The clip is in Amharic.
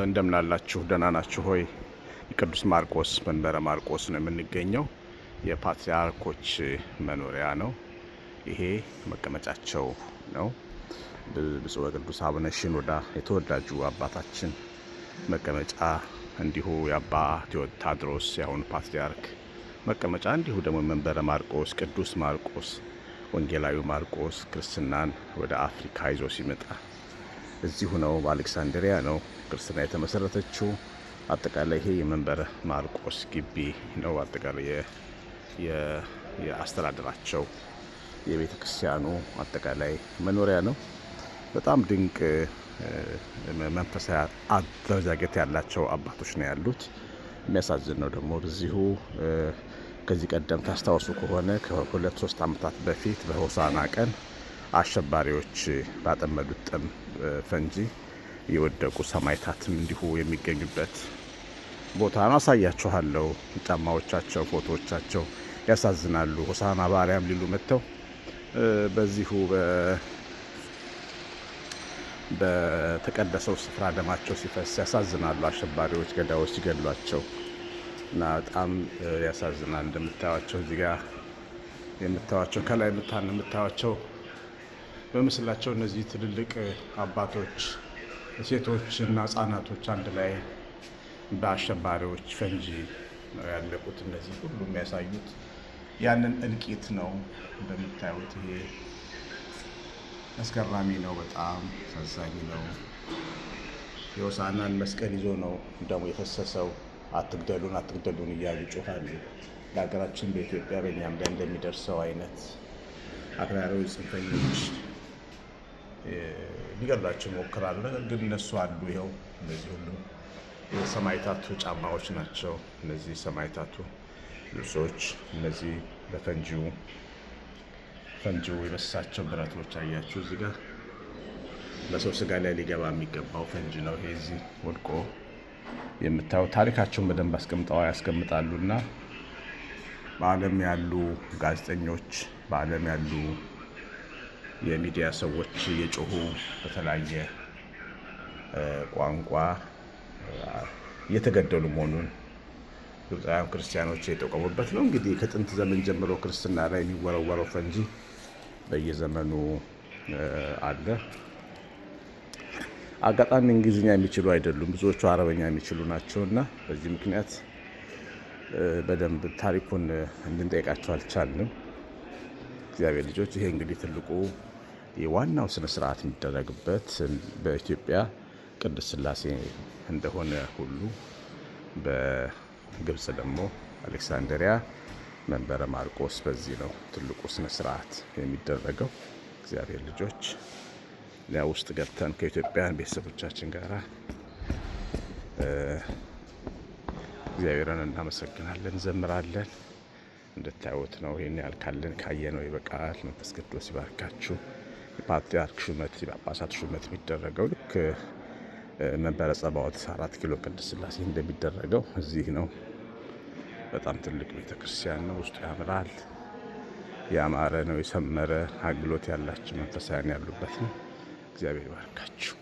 እንደምናላችሁ ደህና ናችሁ ሆይ? የቅዱስ ማርቆስ መንበረ ማርቆስ ነው የምንገኘው። የፓትርያርኮች መኖሪያ ነው። ይሄ መቀመጫቸው ነው። ብፁዕ ወቅዱስ አቡነ ሽኖዳ የተወዳጁ አባታችን መቀመጫ፣ እንዲሁ የአባ ቴዎድሮስ የአሁኑ ፓትርያርክ መቀመጫ፣ እንዲሁ ደግሞ መንበረ ማርቆስ ቅዱስ ማርቆስ ወንጌላዊ ማርቆስ ክርስትናን ወደ አፍሪካ ይዞ ሲመጣ እዚሁ ነው፣ በአሌክሳንድሪያ ነው ክርስትና የተመሰረተችው። አጠቃላይ ይሄ የመንበረ ማርቆስ ግቢ ነው። አጠቃላይ የአስተዳደራቸው የቤተ ክርስቲያኑ አጠቃላይ መኖሪያ ነው። በጣም ድንቅ መንፈሳዊ አደረጃጀት ያላቸው አባቶች ነው ያሉት። የሚያሳዝን ነው ደግሞ በዚሁ ከዚህ ቀደም ታስታውሱ ከሆነ ከሁለት ሶስት ዓመታት በፊት በሆሳና ቀን አሸባሪዎች ባጠመዱት ጥም ፈንጂ የወደቁ ሰማዕታትም እንዲሁ የሚገኙበት ቦታ ነው። አሳያችኋለሁ። ጫማዎቻቸው፣ ፎቶዎቻቸው ያሳዝናሉ። ሆሳና በአርያም ሊሉ መጥተው በዚሁ በተቀደሰው ስፍራ ደማቸው ሲፈስ ያሳዝናሉ። አሸባሪዎች ገዳዮች ሲገሏቸው እና በጣም ያሳዝናል። እንደምታዩዋቸው እዚጋ ጋ ከላይ ከላይ የምታዩዋቸው በምስላቸው እነዚህ ትልልቅ አባቶች፣ ሴቶች እና ህጻናቶች አንድ ላይ በአሸባሪዎች ፈንጂ ነው ያለቁት። እነዚህ ሁሉ የሚያሳዩት ያንን እልቂት ነው። እንደምታዩት ይሄ አስገራሚ ነው። በጣም አሳዛኝ ነው። የሆሳዕናን መስቀል ይዞ ነው ደግሞ የፈሰሰው። አትግደሉን አትግደሉን እያሉ ጩኸን ለሀገራችን በኢትዮጵያ በእኛም ላይ እንደሚደርሰው አይነት አክራሪዎች ጽንፈኞች ሊገድሏቸው ይሞክራሉ። ነገር ግን እነሱ አሉ። ይኸው እነዚህ ሁሉ የሰማይታቱ ጫማዎች ናቸው። እነዚህ ሰማይታቱ ልብሶች፣ እነዚህ በፈንጂው ፈንጂው የበሳቸው ብረቶች አያችሁ። እዚህ ጋር በሰው ስጋ ላይ ሊገባ የሚገባው ፈንጂ ነው። ይሄ እዚህ ወድቆ የምታዩ ታሪካቸውን በደንብ አስቀምጠዋ እና በዓለም ያሉ ጋዜጠኞች በዓለም ያሉ የሚዲያ ሰዎች እየጮሁ በተለያየ ቋንቋ እየተገደሉ መሆኑን ግብፃውያን ክርስቲያኖች የጠቆሙበት ነው። እንግዲህ ከጥንት ዘመን ጀምሮ ክርስትና ላይ የሚወረወረው ፈንጂ በየዘመኑ አለ። አጋጣሚ እንግሊዝኛ የሚችሉ አይደሉም፣ ብዙዎቹ አረበኛ የሚችሉ ናቸው እና በዚህ ምክንያት በደንብ ታሪኩን እንድንጠይቃቸው አልቻልንም። እግዚአብሔር ልጆች ይሄ እንግዲህ ትልቁ የዋናው ስነ ስርዓት የሚደረግበት በኢትዮጵያ ቅድስት ስላሴ እንደሆነ ሁሉ በግብፅ ደግሞ አሌክሳንደሪያ መንበረ ማርቆስ በዚህ ነው ትልቁ ስነ ስርዓት የሚደረገው። እግዚአብሔር ልጆች ያ ውስጥ ገብተን ከኢትዮጵያን ቤተሰቦቻችን ጋር እግዚአብሔርን እናመሰግናለን፣ እንዘምራለን። እንድታዩት ነው። ይህን ያልካልን ካየ ነው ይበቃል። መንፈስ ቅዱስ ይባርካችሁ። የፓትሪያርክ ሹመት የጳጳሳት ሹመት የሚደረገው ልክ መንበረ ጸባዖት አራት ኪሎ ቅድስት ስላሴ እንደሚደረገው እዚህ ነው። በጣም ትልቅ ቤተክርስቲያን ነው። ውስጡ ያምራል፣ ያማረ ነው፣ የሰመረ አግሎት ያላቸው መንፈሳውያን ያሉበት ነው። እግዚአብሔር ይባርካችሁ።